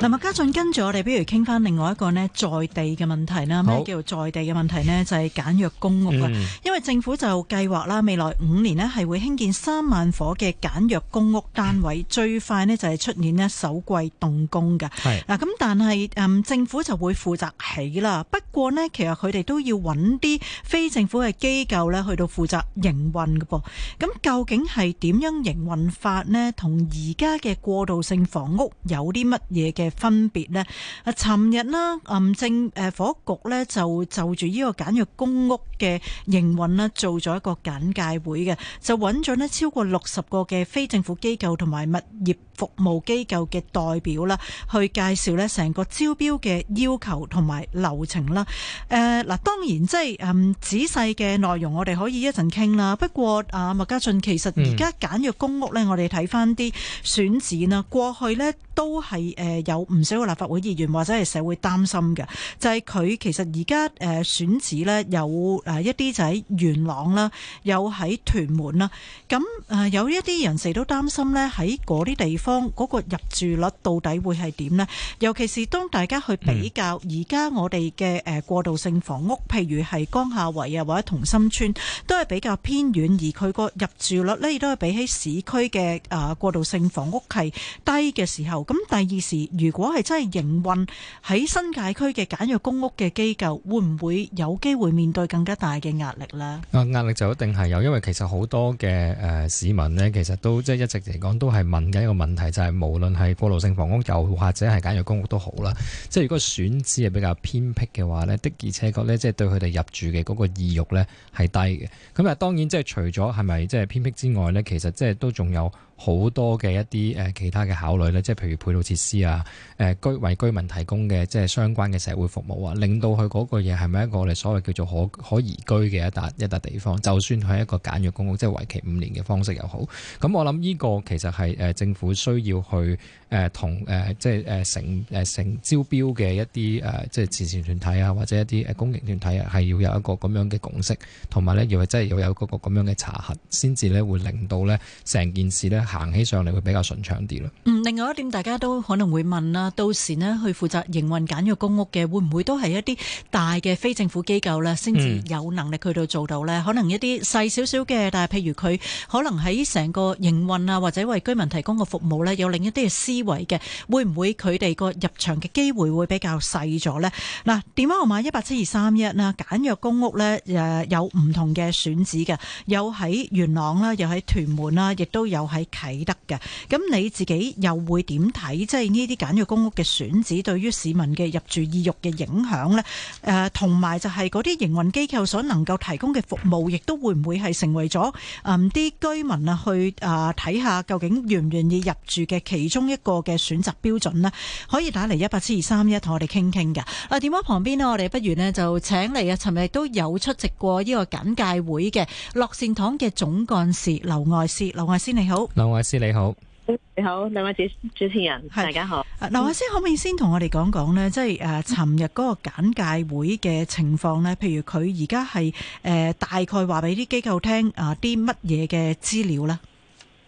嗱，麥家俊跟住我哋，不如傾翻另外一個咧，在地嘅問題啦。咩叫在地嘅問題咧？就係、是、簡約公屋啦、嗯。因為政府就計劃啦，未來五年咧係會興建三萬伙嘅簡約公屋單位，嗯、最快咧就係出年咧首季動工嘅。嗱，咁、啊、但係嗯政府就會負責起啦。不過咧，其實佢哋都要揾啲非政府嘅機構咧，去到負責營運嘅噃。咁究竟係點樣營運法咧？同而家嘅過渡性房屋有啲乜嘢嘅分別呢？啊，尋日啦，房屋局呢，就就住呢個簡約公屋嘅營運啦，做咗一個簡介會嘅，就揾咗呢超過六十個嘅非政府機構同埋物業服務機構嘅代表啦，去介紹呢成個招標嘅要求同埋流程啦。誒、呃、嗱，當然即係誒、呃、仔細嘅內容，我哋可以一陣傾啦。不過啊，麥嘉俊，其實而家簡約公屋呢，我哋睇翻啲選址啦、嗯，過去呢都係誒有。呃唔少立法會議員或者係社會擔心嘅，就係佢其實而家誒選址呢，有誒一啲就喺元朗啦，有喺屯門啦，咁誒有一啲人士都擔心呢，喺嗰啲地方嗰個入住率到底會係點呢？尤其是當大家去比較而家我哋嘅誒過渡性房屋，嗯、譬如係江夏圍啊或者同心村，都係比較偏遠，而佢個入住率呢，亦都係比起市區嘅啊過渡性房屋係低嘅時候。咁第二時如果係真係營運喺新界區嘅簡約公屋嘅機構，會唔會有機會面對更加大嘅壓力呢？啊，壓力就一定係有，因為其實好多嘅誒、呃、市民呢，其實都即係一直嚟講都係問緊一個問題，就係、是、無論係過渡性房屋又或者係簡約公屋都好啦，即係如果選址係比較偏僻嘅話呢，的而且確呢，即係對佢哋入住嘅嗰個意欲呢係低嘅。咁啊，當然即係除咗係咪即係偏僻之外呢，其實即係都仲有。好多嘅一啲誒其他嘅考慮，咧，即係譬如配套設施啊，誒、呃、居為居民提供嘅即係相關嘅社會服務啊，令到佢嗰個嘢係咪一個我哋所謂叫做可可移居嘅一笪一笪地方？就算係一個簡約公屋，即係為期五年嘅方式又好，咁我諗呢個其實係誒政府需要去誒同誒即係誒、呃、成誒、呃、成招標嘅一啲誒、呃、即係慈善團體啊，或者一啲誒公益團體啊，係要有一個咁樣嘅共識，同埋咧要係真係要有嗰個咁樣嘅查核，先至咧會令到咧成件事咧。行起上嚟會比較順暢啲咯。嗯，另外一點大家都可能會問啦，到時咧去負責營運簡約公屋嘅，會唔會都係一啲大嘅非政府機構咧，先至有能力去到做到咧？可能一啲細少少嘅，但係譬如佢可能喺成個營運啊，或者為居民提供個服務咧，有另一啲嘅思維嘅，會唔會佢哋個入場嘅機會會比較細咗咧？嗱，電話號碼一八七二三一啦，簡約公屋咧，誒有唔同嘅選址嘅，有喺元朗啦，有喺屯門啦，亦都有喺。睇得嘅，咁你自己又會點睇？即係呢啲簡約公屋嘅選址對於市民嘅入住意欲嘅影響呢？誒、呃，同埋就係嗰啲營運機構所能夠提供嘅服務，亦都會唔會係成為咗誒啲居民啊去啊睇下究竟願唔願意入住嘅其中一個嘅選擇標準呢？可以打嚟一八七二三一，同我哋傾傾嘅。啊，電話旁邊呢，我哋不如呢就請嚟啊，尋日都有出席過呢個簡介會嘅樂善堂嘅總幹事劉愛詩，劉愛詩你好。劉愛詩你好，你好兩位主主持人，大家好。劉愛詩可唔可以先同我哋講講呢？即係誒，尋日嗰個簡介會嘅情況呢？譬如佢而家係誒大概話俾啲機構聽啊啲乜嘢嘅資料啦。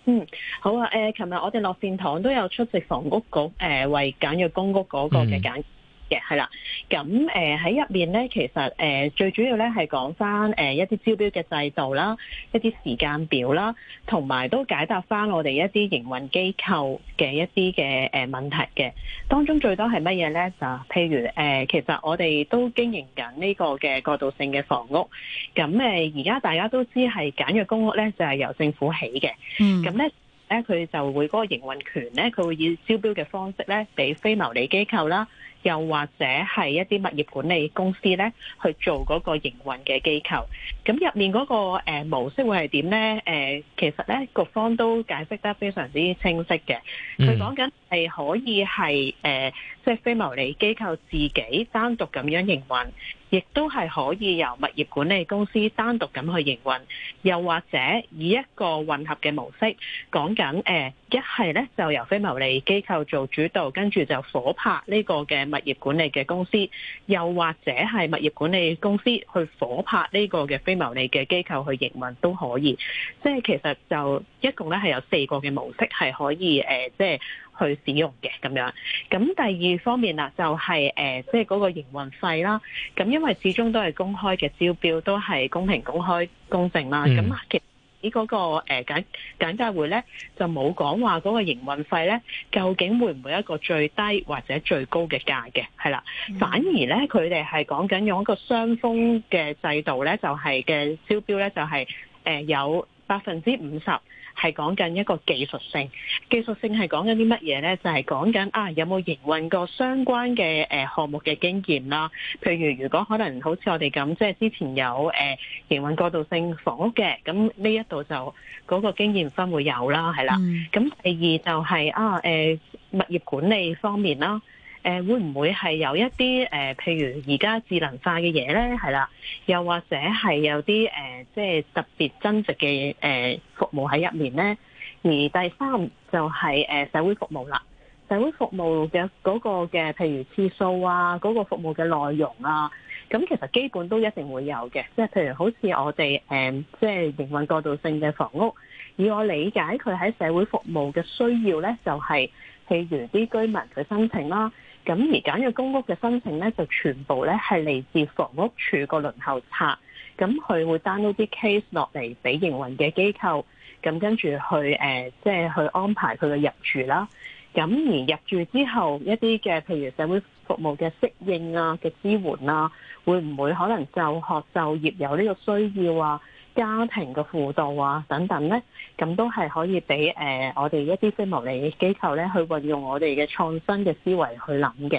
嗯，好啊。誒、呃，琴日我哋樂善堂都有出席房屋局誒、呃、為簡約公屋嗰個嘅簡。嗯嘅係啦，咁誒喺入面咧，其實誒最主要咧係講翻誒一啲招標嘅制度啦，一啲時間表啦，同埋都解答翻我哋一啲營運機構嘅一啲嘅誒問題嘅。當中最多係乜嘢咧？就譬如誒，其實我哋都經營緊呢個嘅過渡性嘅房屋。咁誒而家大家都知係簡約公屋咧，就係由政府起嘅。嗯。咁咧，誒佢就會嗰個營運權咧，佢會以招標嘅方式咧，俾非牟利機構啦。又或者係一啲物業管理公司咧，去做嗰個營運嘅機構，咁入面嗰個誒模式會係點咧？誒，其實咧局方都解釋得非常之清晰嘅，佢講緊。係可以係誒，即係非牟利機構自己單獨咁樣營運，亦都係可以由物業管理公司單獨咁去營運，又或者以一個混合嘅模式講緊誒，一係咧就由非牟利機構做主導，跟住就夥拍呢個嘅物業管理嘅公司，又或者係物業管理公司去夥拍呢個嘅非牟利嘅機構去營運都可以，即係其實就一共咧係有四個嘅模式係可以誒，即係。去使用嘅咁樣，咁第二方面啊，就係、是、誒，即係嗰個營運費啦。咁因為始終都係公開嘅招標，都係公平、公開、公正啦。咁、嗯、其實嗰、那個誒、呃、簡簡介會咧，就冇講話嗰個營運費咧，究竟會唔會一個最低或者最高嘅價嘅係啦、嗯，反而咧佢哋係講緊用一個雙封嘅制度咧，就係嘅招標咧就係、是、誒、就是呃、有。百分之五十係講緊一個技術性，技術性係講緊啲乜嘢呢？就係講緊啊，有冇營運過相關嘅誒項目嘅經驗啦？譬如如果可能，好似我哋咁，即係之前有誒、啊、營運過渡性房屋嘅，咁呢一度就嗰、那個經驗分會有啦，係啦。咁、嗯、第二就係、是、啊誒、啊、物業管理方面啦。誒會唔會係有一啲誒，譬如而家智能化嘅嘢咧，係啦，又或者係有啲誒，即、呃、係、就是、特別增值嘅誒、呃、服務喺入面咧。而第三就係誒社會服務啦，社會服務嘅嗰個嘅譬如次數啊，嗰、那個服務嘅內容啊，咁其實基本都一定會有嘅。即、就、係、是、譬如好似我哋誒，即、呃、係、就是、營運過渡性嘅房屋，以我理解佢喺社會服務嘅需要咧，就係、是、譬如啲居民佢申請啦。咁而簡約公屋嘅申請咧，就全部咧係嚟自房屋處個輪候冊，咁佢會 download 啲 case 落嚟俾營運嘅機構，咁跟住去呃，即係去安排佢嘅入住啦。咁而入住之後，一啲嘅譬如社會服務嘅適應啊、嘅支援啊，會唔會可能就學就業有呢個需要啊？家庭嘅輔導啊，等等呢，咁都係可以俾誒、呃、我哋一啲非牟利嘅機構呢去運用我哋嘅創新嘅思維去諗嘅。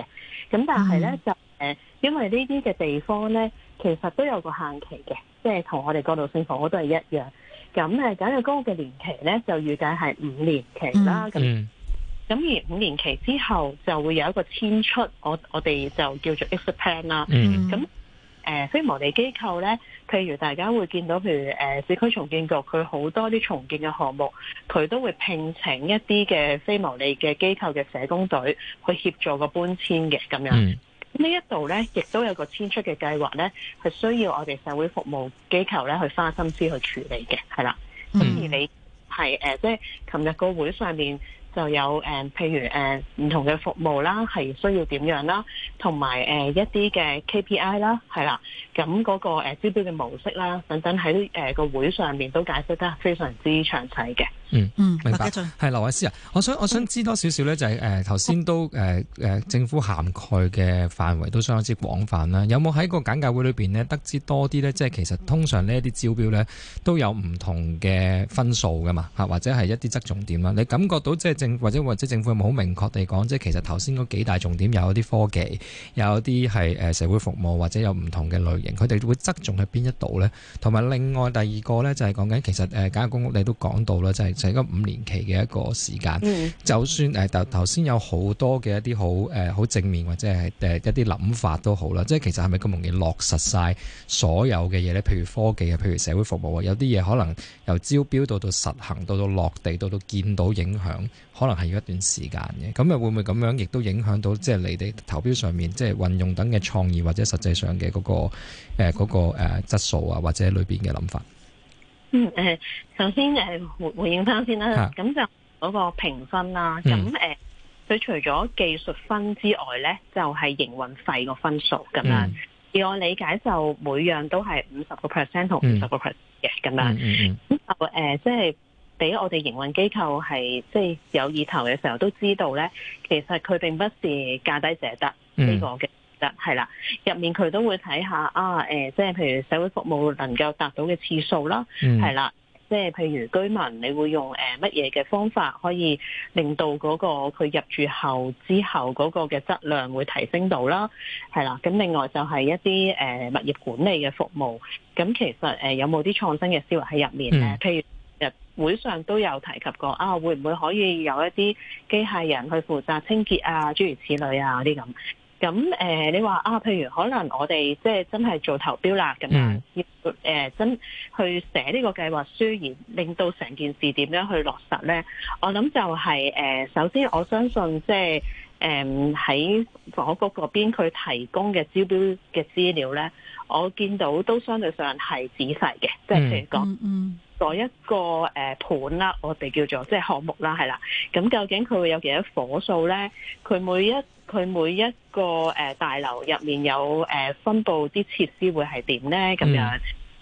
咁但係呢，mm-hmm. 就誒，因為呢啲嘅地方呢，其實都有個限期嘅，即係同我哋過渡性房屋都係一樣。咁誒，咁、簡約公屋嘅年期呢，就預計係五年期啦。咁、mm-hmm.，咁而五年期之後就會有一個遷出，我我哋就叫做 exit plan 啦、mm-hmm.。咁。誒非牟利機構咧，譬如大家會見到，譬如誒市區重建局，佢好多啲重建嘅項目，佢都會聘請一啲嘅非牟利嘅機構嘅社工隊去協助個搬遷嘅咁樣。嗯、這呢一度咧，亦都有個遷出嘅計劃咧，係需要我哋社會服務機構咧去花心思去處理嘅，係啦。咁、嗯、而你係誒，即係琴日個會上面，就有誒，譬如誒唔、呃、同嘅服務啦，係需要點樣啦，同埋誒一啲嘅 KPI 啦，係啦，咁嗰、嗰個招、呃、標嘅模式啦，等等喺誒個會上面都解釋得非常之詳細嘅。嗯嗯，明白。係、嗯嗯，劉愛詩啊，我想我想知道多少少咧，就係誒頭先都誒誒、呃、政府涵蓋嘅範圍都相當之廣泛啦。有冇喺個簡介會裏邊咧得知多啲咧？即係其實通常這些呢一啲招標咧都有唔同嘅分數噶嘛，嚇或者係一啲側重點啦。你感覺到即係？或者或者政府有冇好明確地講，即係其實頭先嗰幾大重點有一啲科技，有一啲係誒社會服務或者有唔同嘅類型，佢哋會側重喺邊一度呢？同埋另外第二個呢、就係呃，就係講緊其實誒簡約公屋，你都講到啦，就係就係五年期嘅一個時間。Mm-hmm. 就算誒頭先有好多嘅一啲好誒好正面或者係誒一啲諗法都好啦，即係其實係咪咁容易落實晒所有嘅嘢呢？譬如科技啊，譬如社會服務啊，有啲嘢可能由招標到到實行，到到落地，到到見到影響。可能係要一段時間嘅，咁又會唔會咁樣，亦都影響到即係、就是、你哋投標上面，即、就、係、是、運用等嘅創意或者實際上嘅嗰、那個誒嗰、呃那個、呃、質素啊，或者裏邊嘅諗法。嗯誒、呃，首先誒、呃、回回應翻先啦，咁就嗰個評分啦、啊，咁誒佢除咗技術分之外咧，就係、是、營運費個分數咁啦。以、嗯、我理解就每樣都係五十個 percent 同五十個 percent 嘅咁啦。咁就誒即係。俾我哋營運機構係即係有意頭嘅時候，都知道咧，其實佢並不是價低者得呢、嗯這個嘅，得係啦。入面佢都會睇下啊，即、呃、係譬如社會服務能夠達到嘅次數啦，係、嗯、啦，即係譬如居民，你會用乜嘢嘅方法可以令到嗰個佢入住後之後嗰個嘅質量會提升到啦，係啦。咁另外就係一啲誒、呃、物業管理嘅服務，咁其實、呃、有冇啲創新嘅思維喺入面咧、嗯呃？譬如。會上都有提及過啊，會唔會可以有一啲機械人去負責清潔啊，諸如此類啊啲咁。咁誒、呃，你話啊，譬如可能我哋即係真係做投標啦，咁要誒真去寫呢個計劃書，而令到成件事點樣去落實呢？我諗就係、是、誒、呃，首先我相信即係。誒喺房屋局嗰邊，佢提供嘅招標嘅資料咧，我見到都相對上係仔細嘅，即係譬如講，嗯，嗰、那個嗯嗯、一個誒盤啦，我哋叫做即係項目啦，係啦，咁究竟佢會有幾多伙數咧？佢每一佢每一個大樓入面有誒分佈啲設施會係點咧？咁樣，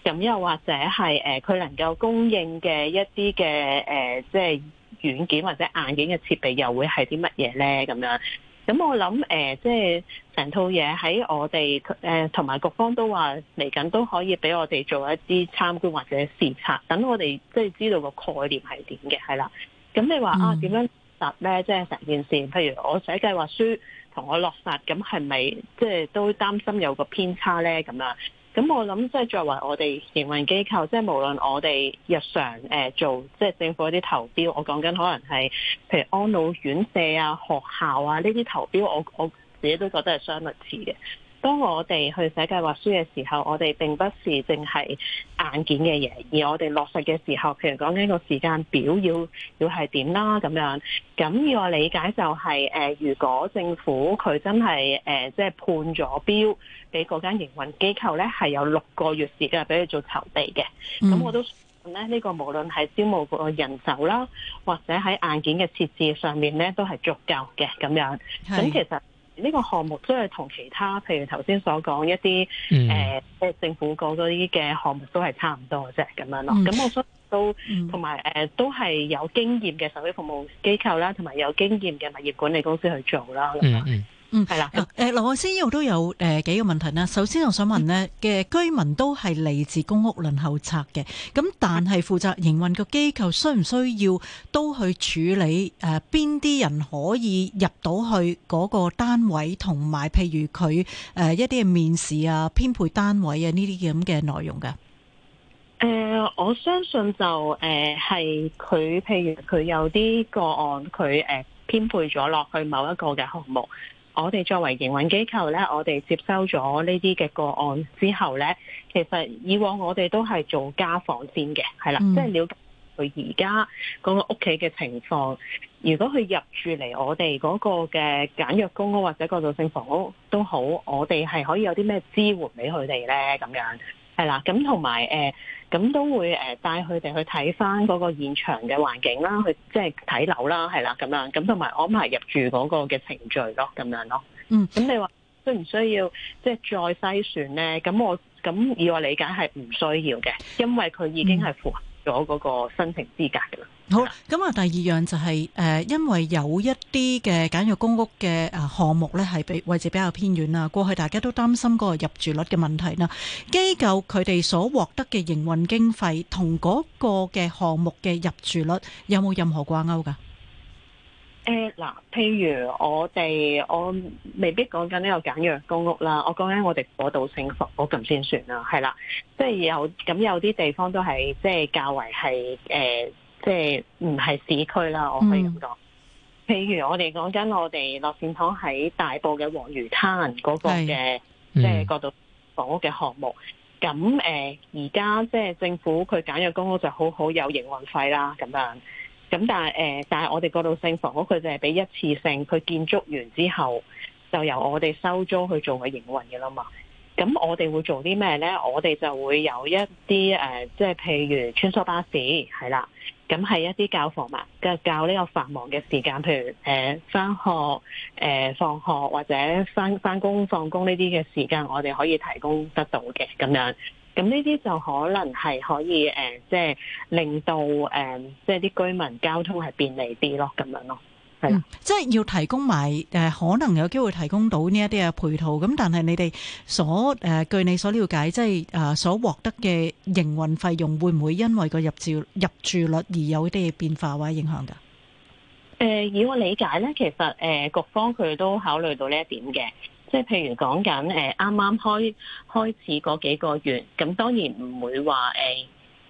咁、嗯、又或者係誒佢能夠供應嘅一啲嘅誒，即係。軟件或者硬件嘅設備又會係啲乜嘢呢？咁樣咁我諗誒，即係成套嘢喺我哋誒同埋局方都話嚟緊，都可以俾我哋做一啲參觀或者視察，等我哋即係知道個概念係點嘅，係啦。咁你話、嗯、啊，點樣答呢？即係成件事，譬如我寫計劃書同我落實，咁係咪即係都擔心有個偏差呢？咁樣？咁我諗即係作為我哋營運機構，即係無論我哋日常做，即係政府一啲投標，我講緊可能係譬如安老院舍啊、學校啊呢啲投標，我我自己都覺得係相類似嘅。當我哋去寫計劃書嘅時候，我哋並不是淨係硬件嘅嘢，而我哋落實嘅時候，譬如講緊個時間表要要係點啦咁樣。咁要我理解就係、是、誒，如果政府佢真係誒，即、呃、係、就是、判咗標俾嗰間營運機構咧，係有六個月時間俾佢做籌備嘅。咁、嗯、我都咧呢、這個無論係招募個人手啦，或者喺硬件嘅設置上面咧，都係足夠嘅咁樣。咁其實。嗯呢、這個項目都係同其他，譬如頭先所講一啲誒，即、嗯、係、呃、政府講嗰啲嘅項目都係差唔多嘅啫，咁樣咯。咁、嗯、我想都同埋誒，都係有經驗嘅社會服務機構啦，同埋有經驗嘅物業管理公司去做啦，咁、嗯、樣。嗯嗯，係啦。誒，劉愛詩呢度都有誒幾個問題啦。首先我想問呢嘅、嗯、居民都係嚟自公屋輪候冊嘅，咁但係負責營運嘅機構需唔需要都去處理誒邊啲人可以入到去嗰個單位，同埋譬如佢誒一啲嘅面試啊、編配單位啊呢啲咁嘅內容嘅？誒、呃，我相信就誒係佢，譬如佢有啲個案，佢誒編配咗落去某一個嘅項目。我哋作為營運機構呢，我哋接收咗呢啲嘅個案之後呢，其實以往我哋都係做家訪先嘅。係啦、嗯，即係了解佢而家嗰個屋企嘅情況。如果佢入住嚟我哋嗰個嘅簡約公屋或者過渡性房屋都好，我哋係可以有啲咩支援俾佢哋呢？咁樣。係啦，咁同埋誒，咁、呃、都會帶佢哋去睇翻嗰個現場嘅環境啦，去即係睇樓啦，係啦咁樣，咁同埋安排入住嗰個嘅程序咯，咁樣咯。嗯，咁你話需唔需要即係再篩選咧？咁我咁以我理解係唔需要嘅，因為佢已經係符合咗嗰個申請資格噶啦，好啦，咁啊第二樣就係誒，因為有一啲嘅簡約公屋嘅誒項目咧，係比位置比較偏遠啦。過去大家都擔心嗰個入住率嘅問題啦。機構佢哋所獲得嘅營運經費同嗰個嘅項目嘅入住率有冇任何掛鈎噶？誒，嗱，譬如我哋我未必講緊呢個簡約公屋啦，我講緊我哋過渡性房屋咁先算啦，係啦，即係有咁有啲地方都係即係較為係誒、呃，即係唔係市區啦，我可以咁講、嗯。譬如我哋講緊我哋樂善堂喺大埔嘅黃魚灘嗰個嘅，即係嗰度房屋嘅項目，咁誒而家即係政府佢簡約公屋就好好有營運費啦，咁樣。咁但係、呃、但我哋過渡性房屋佢就係俾一次性，佢建築完之後就由我哋收租去做佢營運嘅啦嘛。咁我哋會做啲咩咧？我哋就會有一啲誒，即、呃、係譬如穿梭巴士係啦，咁係一啲教房務教呢個繁忙嘅時間，譬如誒翻、呃、學、放、呃、學或者翻翻工放工呢啲嘅時間，我哋可以提供得到嘅咁樣。咁呢啲就可能係可以誒，即係令到誒，即係啲居民交通係便利啲咯，咁樣咯，係啦。即係要提供埋誒，可能有機會提供到呢一啲嘅配套。咁但係你哋所誒，據你所瞭解，即係誒所獲得嘅營運費用，會唔會因為個入住入住率而有啲嘢變化或者影響㗎？誒，以我理解咧，其實誒，局方佢都考慮到呢一點嘅。即係譬如講緊誒，啱啱開開始嗰幾個月，咁當然唔會話誒、欸、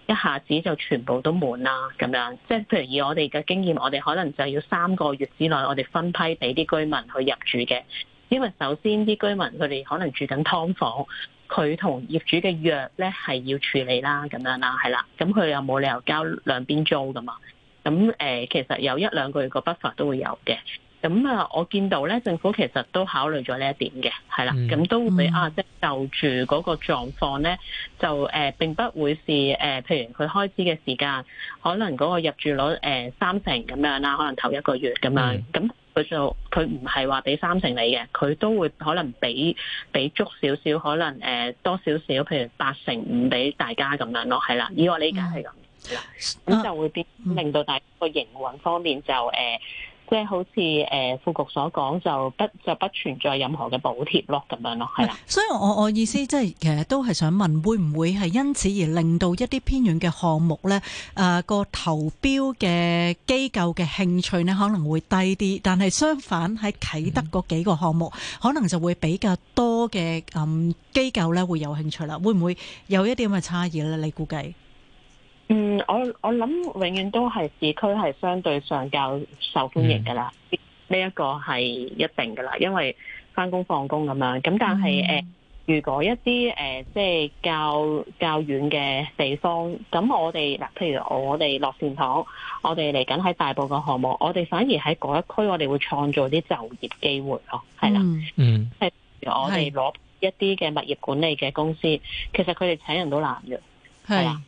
一下子就全部都滿啦咁樣。即係譬如以我哋嘅經驗，我哋可能就要三個月之內，我哋分批俾啲居民去入住嘅。因為首先啲居民佢哋可能住緊劏房，佢同業主嘅約咧係要處理啦咁樣啦，係啦，咁佢又冇理由交兩邊租㗎嘛。咁誒、欸，其實有一兩個月嘅 buffer 都會有嘅。咁啊，我見到咧，政府其實都考慮咗呢一點嘅，係啦，咁都會俾、嗯、啊，即、就係、就住嗰個狀況咧，就誒、呃、並不會是誒、呃，譬如佢開支嘅時間，可能嗰個入住率誒、呃、三成咁樣啦，可能頭一個月咁樣，咁、嗯、佢就佢唔係話俾三成你嘅，佢都會可能俾俾足少少，可能誒、呃、多少少，譬如八成五俾大家咁樣咯，係啦，呢個理解係咁，咁、嗯嗯、就會變令到大家個營運方面就誒。呃。即係好似誒副局所講，就不就不存在任何嘅補貼咯，咁樣咯，係啦。所以我我意思即係其實都係想問，會唔會係因此而令到一啲偏遠嘅項目咧？誒個投標嘅機構嘅興趣咧可能會低啲，但係相反喺啟德嗰幾個項目、嗯，可能就會比較多嘅嗯機構咧會有興趣啦。會唔會有一啲咁嘅差異咧？你估計？嗯，我我諗永遠都係市區係相對上較受歡迎噶啦，呢、嗯、一、這個係一定噶啦，因為翻工放工咁樣。咁但係誒、嗯呃，如果一啲誒、呃、即係較較遠嘅地方，咁我哋嗱，譬如我哋樂善堂，我哋嚟緊喺大埔嘅項目，我哋反而喺嗰一區，我哋會創造啲就業機會咯。係啦，嗯，即、嗯、係我哋攞一啲嘅物業管理嘅公司，其實佢哋請人都難嘅，係啊，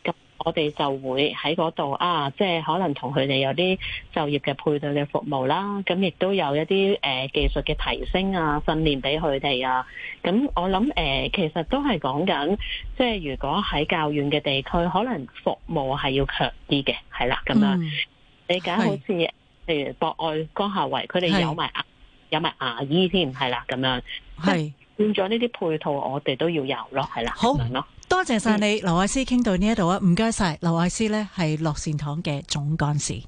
我哋就會喺嗰度啊，即係可能同佢哋有啲就業嘅配套嘅服務啦，咁亦都有一啲誒、呃、技術嘅提升啊、訓練俾佢哋啊。咁我諗、呃、其實都係講緊，即係如果喺較遠嘅地區，可能服務係要強啲嘅，係啦咁樣。你、嗯、揀好似誒博愛江夏圍，佢哋有埋牙有埋牙醫添，係啦咁樣。係變咗呢啲配套，我哋都要有咯，係啦，好咯。多謝晒你，劉愛詩傾到呢一度啊，唔該晒，劉愛詩咧係樂善堂嘅總幹事。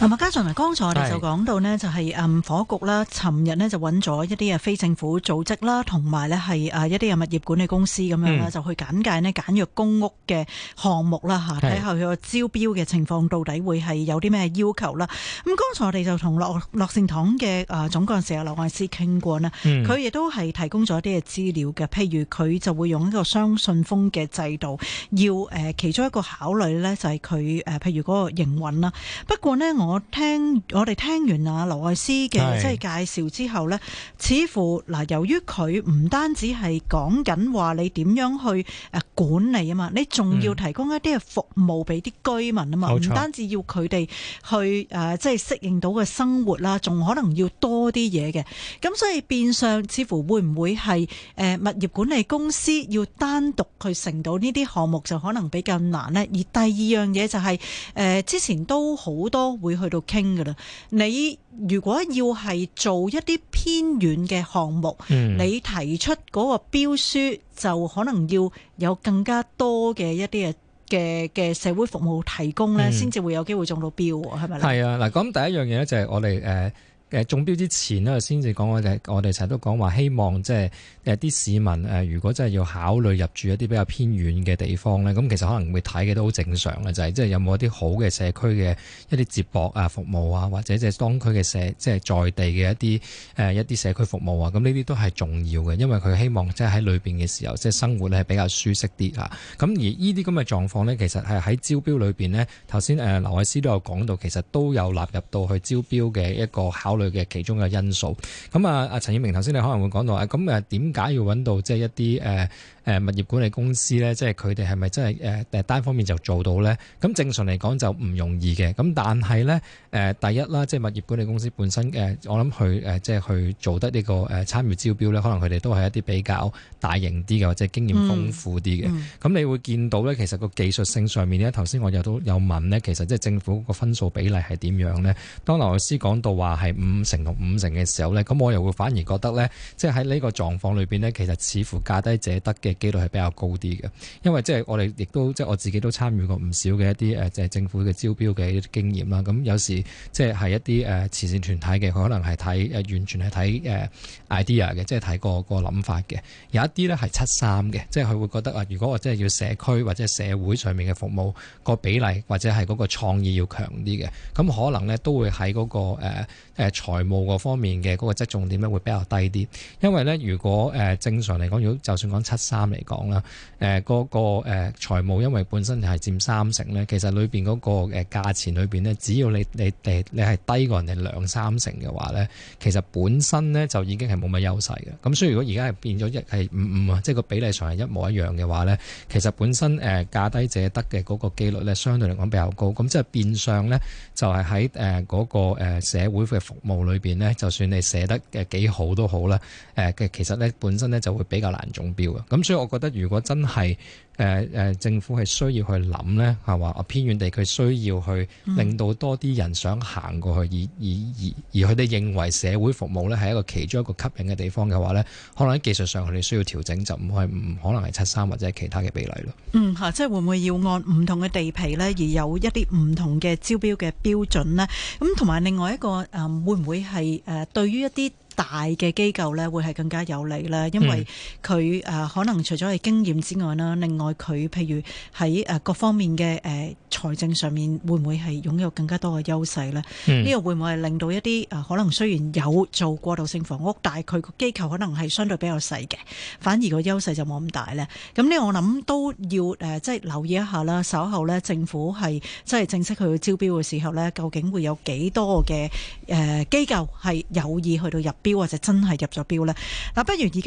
嗱、嗯，麥嘉俊啊，剛才我哋就講到呢，就係嗯房屋局啦，尋日呢，就揾咗一啲嘅非政府組織啦，同埋呢係一啲嘅物業管理公司咁樣啦，就去簡介呢簡約公屋嘅項目啦嚇，睇下佢個招標嘅情況到底會係有啲咩要求啦？咁剛才我哋就同樂樂善堂嘅誒總幹事啊劉愛詩傾過啦，佢亦都係提供咗一啲嘅資料嘅，譬如佢就會用一個雙信封嘅制度，要其中一個考慮呢，就係佢譬如嗰個營運啦。不過呢，我我聽我哋聽完啊劉愛詩嘅即係介紹之後咧，似乎嗱由於佢唔單止係講緊話你點樣去誒管理啊嘛，你仲要提供一啲嘅服務俾啲居民啊嘛，唔、嗯、單止要佢哋去誒即係適應到嘅生活啦，仲可能要多啲嘢嘅。咁所以變相似乎會唔會係誒物業管理公司要單獨去成到呢啲項目就可能比較難咧？而第二樣嘢就係、是、誒、呃、之前都好多會。去到傾噶啦，你如果要係做一啲偏遠嘅項目，嗯，你提出嗰個標書就可能要有更加多嘅一啲嘅嘅嘅社會服務提供咧，先至會有機會中到標，係咪咧？係啊，嗱，咁第一樣嘢咧就係我哋誒。呃呃、中標之前先至講我哋，我哋成日都講話，希望即係誒啲市民、呃、如果真係要考慮入住一啲比較偏遠嘅地方咧，咁其實可能會睇嘅都好正常嘅，就係、是、即係有冇一啲好嘅社區嘅一啲接駁啊、服務啊，或者即係當區嘅社，即係在地嘅一啲、呃、一啲社區服務啊，咁呢啲都係重要嘅，因為佢希望即係喺裏面嘅時候，即係生活係比較舒適啲嚇。咁、啊、而呢啲咁嘅狀況呢，其實係喺招標裏面呢，頭先誒劉愛詩都有講到，其實都有納入到去招標嘅一個考嘅其中嘅因素，咁啊阿陳業明頭先你可能會講到啊，咁誒點解要揾到即係、就是、一啲誒，呃誒物業管理公司咧，即係佢哋係咪真係誒誒單方面就做到咧？咁正常嚟講就唔容易嘅。咁但係咧誒第一啦，即係物業管理公司本身誒，我諗佢即係去做得呢個誒參與招標咧，可能佢哋都係一啲比較大型啲嘅或者經驗豐富啲嘅。咁、嗯嗯、你會見到咧，其實個技術性上面咧，頭先我又都有問咧，其實即係政府個分數比例係點樣咧？當劉老師講到話係五成同五成嘅時候咧，咁我又會反而覺得咧，即係喺呢個狀況裏面呢，其實似乎價低者得嘅。幾率係比較高啲嘅，因為即係我哋亦都即係、即係、我自己都參與過唔少嘅一啲誒即係政府嘅招標嘅經驗啦。咁有時即係係一啲誒慈善團體嘅，佢可能係睇誒完全係睇誒 idea 嘅，即係睇個、個諗法嘅。有一啲咧係七三嘅，即係佢會覺得啊，如果我真係要社區或者社會上面嘅服務、個比例或者係嗰個創意要強啲嘅，咁可能咧都會喺嗰、個誒誒、啊啊、財務個方面嘅嗰個側重點咧會比較低啲。因為咧，如果誒、啊、正常嚟講如果就算講七三。嚟講啦，誒、呃、嗰個誒財、呃、務，因為本身係佔三成咧，其實裏邊嗰個誒價、呃、錢裏邊咧，只要你你誒你係低過人哋兩三成嘅話咧，其實本身咧就已經係冇乜優勢嘅。咁所以如果而家係變咗一係五五啊，即係個比例上係一模一樣嘅話咧，其實本身誒價、呃、低者得嘅嗰個機率咧，相對嚟講比較高。咁即係變相咧，就係喺誒嗰個誒社會嘅服務裏邊咧，就算你寫得誒幾好都好啦，誒、呃、嘅其實咧本身咧就會比較難中標嘅。咁所以，我覺得如果真係誒誒政府係需要去諗呢，係話啊，偏遠地區需要去令到多啲人想行過去，嗯、以以而而而而佢哋認為社會服務咧係一個其中一個吸引嘅地方嘅話呢，可能喺技術上佢哋需要調整，就唔係唔可能係七三或者其他嘅比例咯。嗯嚇，即係會唔會要按唔同嘅地皮呢？而有一啲唔同嘅招標嘅標準呢？咁同埋另外一個誒、嗯，會唔會係誒、呃、對於一啲？大嘅機構咧，會係更加有利啦，因為佢誒，可能除咗係經驗之外啦，另外佢譬如喺誒各方面嘅誒財政上面，會唔會係擁有更加多嘅優勢咧？呢個會唔會係令到一啲誒可能雖然有做過渡性房屋，但係佢個機構可能係相對比較細嘅，反而個優勢就冇咁大咧？咁呢個我諗都要誒即係留意一下啦。稍後咧，政府係即係正式去招標嘅時候咧，究竟會有幾多嘅誒機構係有意去到入邊？或者真係入咗標咧，嗱，不如而家。